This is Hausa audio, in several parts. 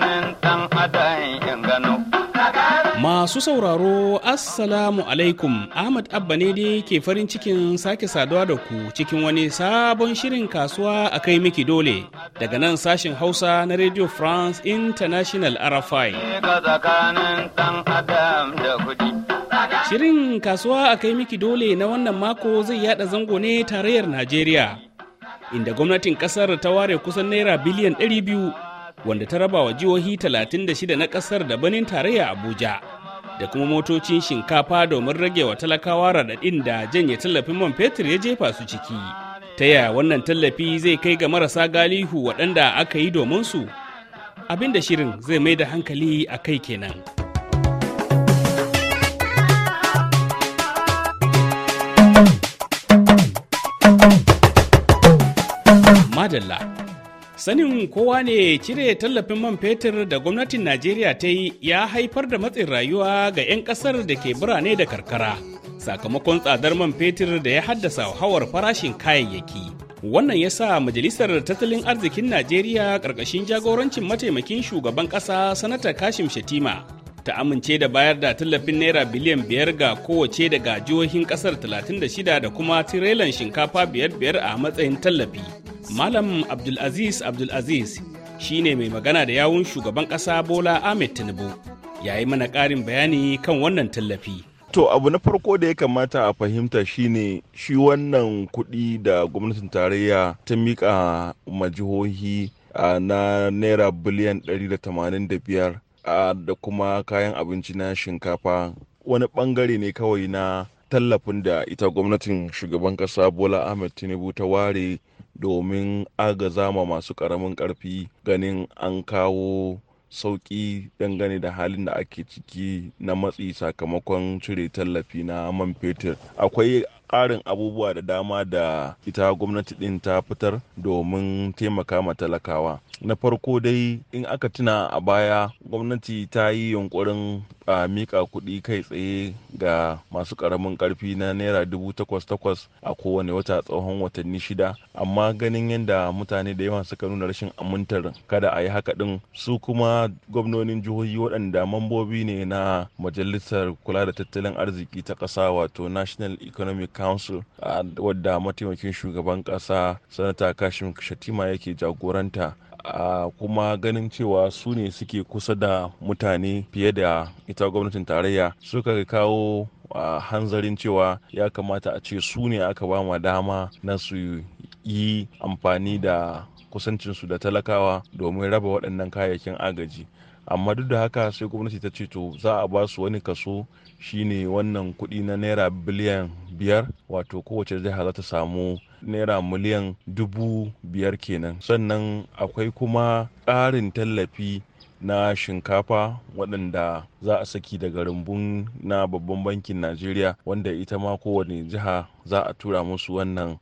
tsakanin dan adayin Masu sauraro Assalamu alaikum Ahmad Abba ne dai ke farin cikin sake saduwa da ku cikin wani sabon shirin kasuwa a kai miki dole daga nan sashin Hausa na Radio France International RFI. Shirin kasuwa a kai miki dole na wannan mako zai yada zango ne tarayyar Najeriya inda gwamnatin kasar ta ware kusan naira biliyan 200 wanda ta raba wa jihohi 36 na ƙasar da banin tarayya Abuja da kuma motocin shinkafa domin rage wa talakawa raɗaɗin da janye tallafin man fetur ya jefa su ciki. Ta yaya wannan tallafi zai kai ga marasa galihu waɗanda aka yi domin su? Abin da shirin zai mai da hankali a kai kenan. Madalla. Sanin kowa ne cire tallafin man fetur da gwamnatin Najeriya ta yi ya haifar da matsin rayuwa ga 'yan ƙasar da ke birane da karkara sakamakon tsadar man fetur da ya haddasa hawar farashin kayayyaki. Wannan ya sa Majalisar Tattalin Arzikin Najeriya ƙarƙashin jagorancin mataimakin shugaban ƙasa Sanata Kashim Shatima ta amince da bayar da tallafin naira biliyan biyar ga kowace daga jihohin kasar 36 da kuma tirelan shinkafa biyar biyar a matsayin tallafi malam abdulaziz abdulaziz ne mai magana da yawun shugaban kasa bola ahmed tinubu yayi mana karin bayani kan wannan tallafi to abu na farko da ya kamata a fahimta shine shi wannan kuɗi da gwamnatin tarayya ta miƙa majihohi na naira biliyan 185 da kuma kayan abinci na shinkafa wani bangare ne kawai na tallafin da ita gwamnatin shugaban kasa bola ahmed tinubu ta ware domin agaza ma masu karamin karfi ganin an kawo sauƙi dangane da halin da ake ciki na matsi sakamakon cire tallafi na man fetur akwai karin abubuwa da dama da ita gwamnati ɗin ta fitar domin taimaka ma talakawa na farko dai in aka tuna a baya gwamnati ta yi yunkurin a mika kuɗi kai tsaye ga masu ƙaramin ƙarfi na naira dubu takwas takwas a kowane wata tsohon watanni shida amma ganin yadda mutane da yawa suka nuna rashin amintar kada a yi haka ɗin su kuma gwamnonin jihohi waɗanda mambobi ne na majalisar kula da tattalin arziki ta ƙasa wato national economic council wadda mataimakin shugaban kasa sanata kashim shatima yake jagoranta a kuma ganin cewa su ne suke kusa da mutane fiye da ita gwamnatin tarayya suka kawo a hanzarin cewa ya kamata a ce su ne aka ba ma dama na su yi amfani da kusancinsu da talakawa domin raba waɗannan kayayyakin agaji amma duk da haka sai gwamnati ta ce to za a ba su wani kaso shine wannan kudi na naira biliyan biyar wato kowace jiha za ta samu naira miliyan dubu biyar kenan sannan akwai kuma ƙarin tallafi na shinkafa waɗanda za a saki daga rumbun na babban bankin najeriya wanda ita ma kowane jiha za a tura musu wannan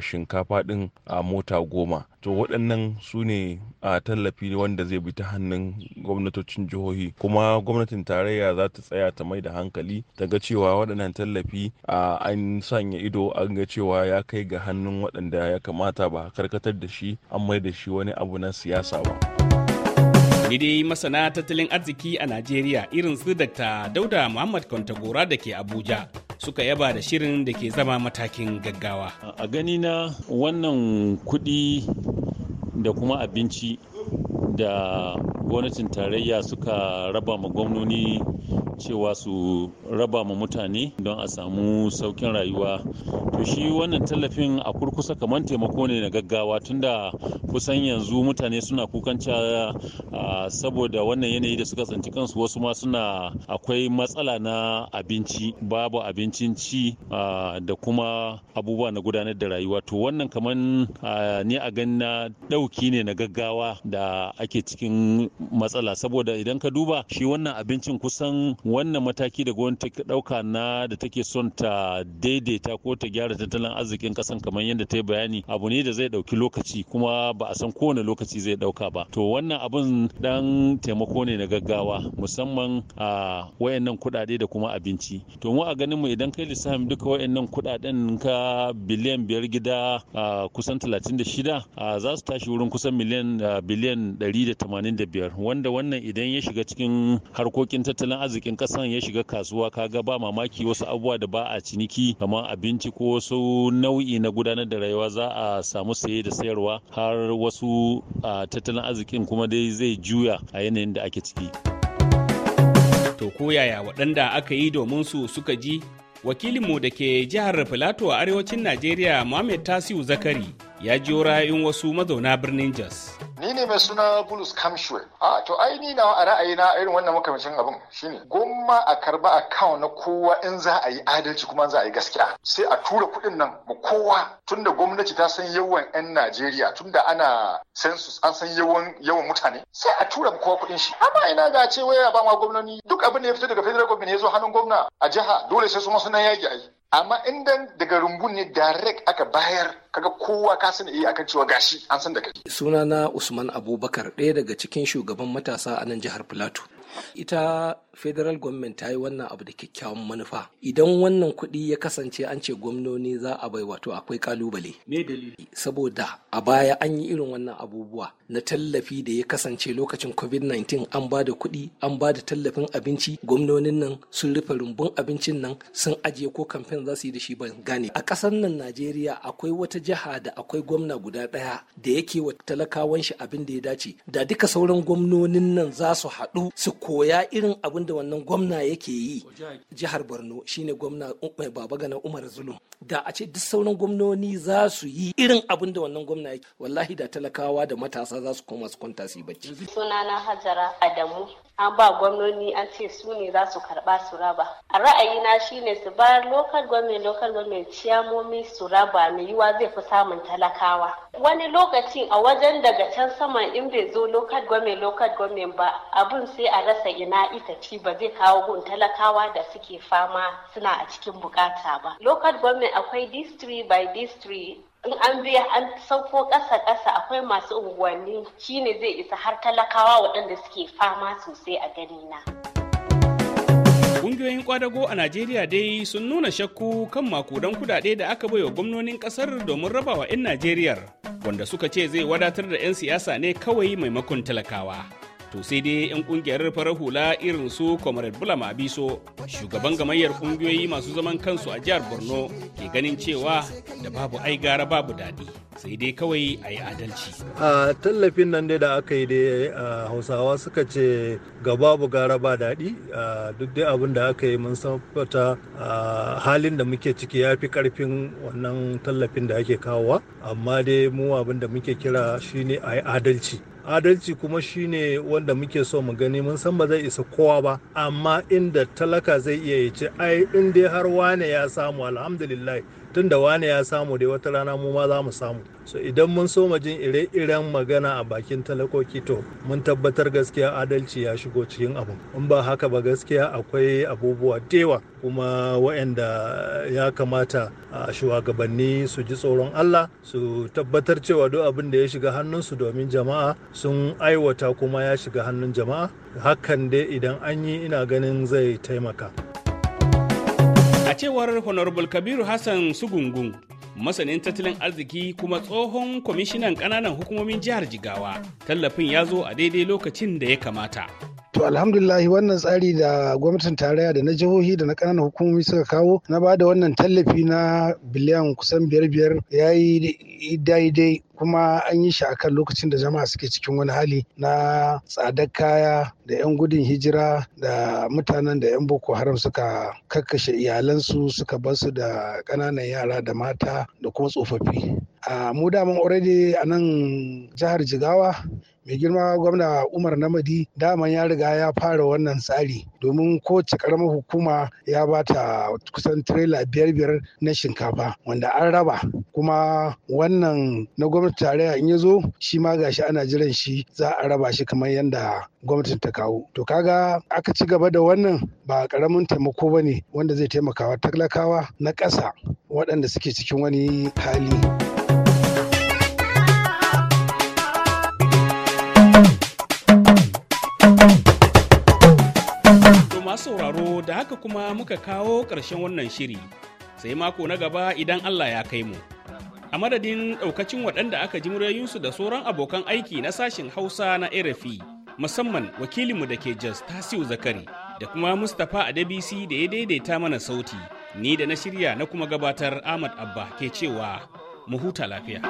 shinkafa ɗin a mota goma to waɗannan su ne a tallafi wanda zai bi ta hannun gwamnatocin jihohi kuma gwamnatin tarayya za ta tsaya ta mai da hankali ta ga cewa waɗannan tallafi a an sanya ido an ga cewa ya kai ga hannun waɗanda ya kamata ba karkatar da shi an mai da shi wani abu na siyasa ba. Ni dai masana tattalin arziki a Najeriya irin su Dr. Dauda Muhammad Kwantagora da ke Abuja suka yaba da shirin da ke zama matakin gaggawa. A gani na wannan kuɗi da kuma abinci da gwamnatin tarayya suka raba ma gwamnoni cewa su raba ma mutane don a samu saukin rayuwa to shi wannan tallafin a kurkusa kamar taimako ne na gaggawa tunda kusan yanzu mutane suna kukan cewa saboda wannan yanayi da suka tsanci kansu wasu ma suna akwai matsala na abinci babu abincin ci da kuma abubuwa na gudanar da rayuwa to wannan kamar ne a gan na ɗauki ne na gaggawa da ake cikin matsala saboda idan ka duba shi wannan abincin kusan wannan mataki da gwamnati ta ɗauka na da take son ta daidaita ko ta gyara tattalin arzikin ƙasan kamar yadda ta yi bayani abu ne da zai ɗauki lokaci kuma ba a san kowane lokaci zai ɗauka ba to wannan abun ɗan taimako ne na gaggawa musamman a wayannan kuɗaɗe da kuma abinci to mu a ganin mu idan kai lissafin duka wayannan kuɗaɗen ka biliyan biyar gida kusan 36 za su tashi wurin kusan miliyan biliyan 185 wanda wannan idan ya shiga cikin harkokin tattalin arzikin cikin kasan ya shiga kasuwa kaga ba mamaki wasu abubuwa da ba a ciniki kamar abinci ko wasu nau'i na gudanar da rayuwa za a samu saye da sayarwa har wasu a tattalin arzikin kuma dai zai juya a yanayin da ake ciki. To ko yaya waɗanda aka yi domin su suka ji wakilinmu da ke jihar Filato a arewacin Najeriya muhammad Tasiu Zakari ya jiyo ra'ayin wasu mazauna birnin Jos. ni ne mai suna bulus kamshwe a to ai ni na a ra'ayi na irin wannan makamancin abin shine gomma a karba account na kowa in za a yi adalci kuma za a yi gaskiya sai a tura kuɗin nan mu kowa tunda gwamnati ta san yawan 'yan Najeriya tunda ana sensus an san yawan yawan mutane sai a tura mu kowa kuɗin shi amma ina ga ce waya ba ma gwamnati duk abin da ya fito daga federal government ya zo hannun gwamna a jiha dole sai su ma sunan yaki ai amma inda daga rumbun ne direct aka bayar kaga kowa ka sani iya eh akan cewa gashi an san da kai na usman abubakar ɗaya daga cikin shugaban matasa a nan jihar plateau ita federal government ta yi wannan abu da kyakkyawan manufa idan wannan kuɗi ya kasance an ce gwamnoni za a bai wato akwai kalubale me dalili saboda a baya an yi irin wannan abubuwa na tallafi da ya kasance lokacin covid-19 an ba da kuɗi an ba da tallafin abinci gwamnonin nan sun rufe rumbun abincin nan sun ajiye ko kamfen za su yi da shi ban gane a ƙasar nan najeriya akwai wata jiha da akwai gwamna guda ɗaya da yake wa talakawan shi abin da ya dace da duka sauran gwamnonin nan za su haɗu su koya irin abin da wannan gwamna yake yi jihar borno shine gwamna um, mai baba ganin umar zulum da a ce duk sauran gwamnoni za su yi irin abin da wannan gwamna yake wallahi da talakawa da matasa za su koma su kwanta su yi bacci sunana hajara adamu an ba gwamnoni an ce su ne za su karba su raba a ra'ayina shine su ba local government local government ciyamomi su raba mai yiwa zai fi samun talakawa wani lokacin a wajen daga can sama in bai zo local government local government ba abun sai a rasa ina ita ci ba zai kawo gun talakawa da suke fama suna a cikin bukata ba local government akwai district by district in an biya an sauko ƙasa ƙasa akwai masu unguwanni shi ne zai isa har talakawa waɗanda suke fama sosai a gani na. Ƙungiyoyin kwadago a Najeriya dai sun nuna shakku kan makudan kudade da aka baiwa gwamnonin ƙasar domin rabawa 'yan Najeriyar, wanda suka ce zai wadatar da 'yan siyasa ne kawai maimakon talakawa. to sai dai 'yan kungiyar farar hula irin su comrade bulama biso shugaban gamayyar kungiyoyi masu zaman kansu a jihar borno ke ganin cewa da babu ai gara babu daɗi sai dai kawai a yi adalci a tallafin nan dai da aka yi dai hausawa suka ce ga babu gara ba daɗi duk dai abin da aka yi mun san fata halin da muke ciki ya fi ƙarfin wannan tallafin da ake kawowa amma dai mu abin da muke kira shine a yi adalci adalci kuma shine wanda muke so mu gani mun san ba zai isa kowa ba amma inda talaka zai iya ya ai in dai har wane ya samu alhamdulillah tun da wane ya samu da wata rana mu ma za mu samu so idan mun so mu jin ire-iren magana a bakin talakoki to mun tabbatar gaskiya adalci ya shigo cikin abu in ba haka ba gaskiya akwai abubuwa dewa kuma waɗanda ya kamata a shugabanni su ji tsoron Allah su tabbatar cewa duk abin da ya shiga hannunsu domin jama'a sun aiwata kuma ya shiga hannun jama'a hakan dai idan an yi ina ganin zai taimaka. cewar Honorable Kabiru Hassan Sugungun, masanin tattalin arziki kuma tsohon kwamishinan ƙananan hukumomin jihar Jigawa, tallafin ya zo a daidai lokacin da ya kamata. To alhamdulillah wannan tsari da gwamnatin tarayya da na jihohi da na ƙananan hukumomi suka kawo na ba da wannan tallafi na biliyan kusan biyar biyar ya yi daidai kuma an yi shi akan lokacin da jama'a suke cikin wani hali na tsadar kaya da 'yan gudun hijira da mutanen da 'yan boko haram suka kakkashe iyalansu suka su da ƙananan yara da mata da kuma tsofaffi. Ah, mu daman already a nan jihar jigawa mai girma gwamna umar namadi daman ya riga ya fara wannan tsari domin kowace karamar hukuma ya bata kusan tirela biyar biyar na shinkafa wanda an raba kuma wannan na gwamnati tarayya in ya zo shi ma gashi ana jiran shi za a raba shi kamar yadda gwamnatin ta kawo to kaga aka ci gaba da wannan ba karamin taimako ba ne wanda zai taimakawa talakawa na ƙasa waɗanda suke cikin wani hali. haka kuma muka kawo ƙarshen wannan shiri sai mako na gaba idan Allah ya kai mu. A madadin ɗaukacin waɗanda aka ji muryoyinsu da sauran abokan aiki na sashin Hausa na RFI musamman wakilinmu da ke Jos Tasiu Zakari da kuma Mustapha adabisi da ya daidaita mana sauti ni da na shirya na kuma gabatar Ahmad Abba ke cewa mu huta lafiya.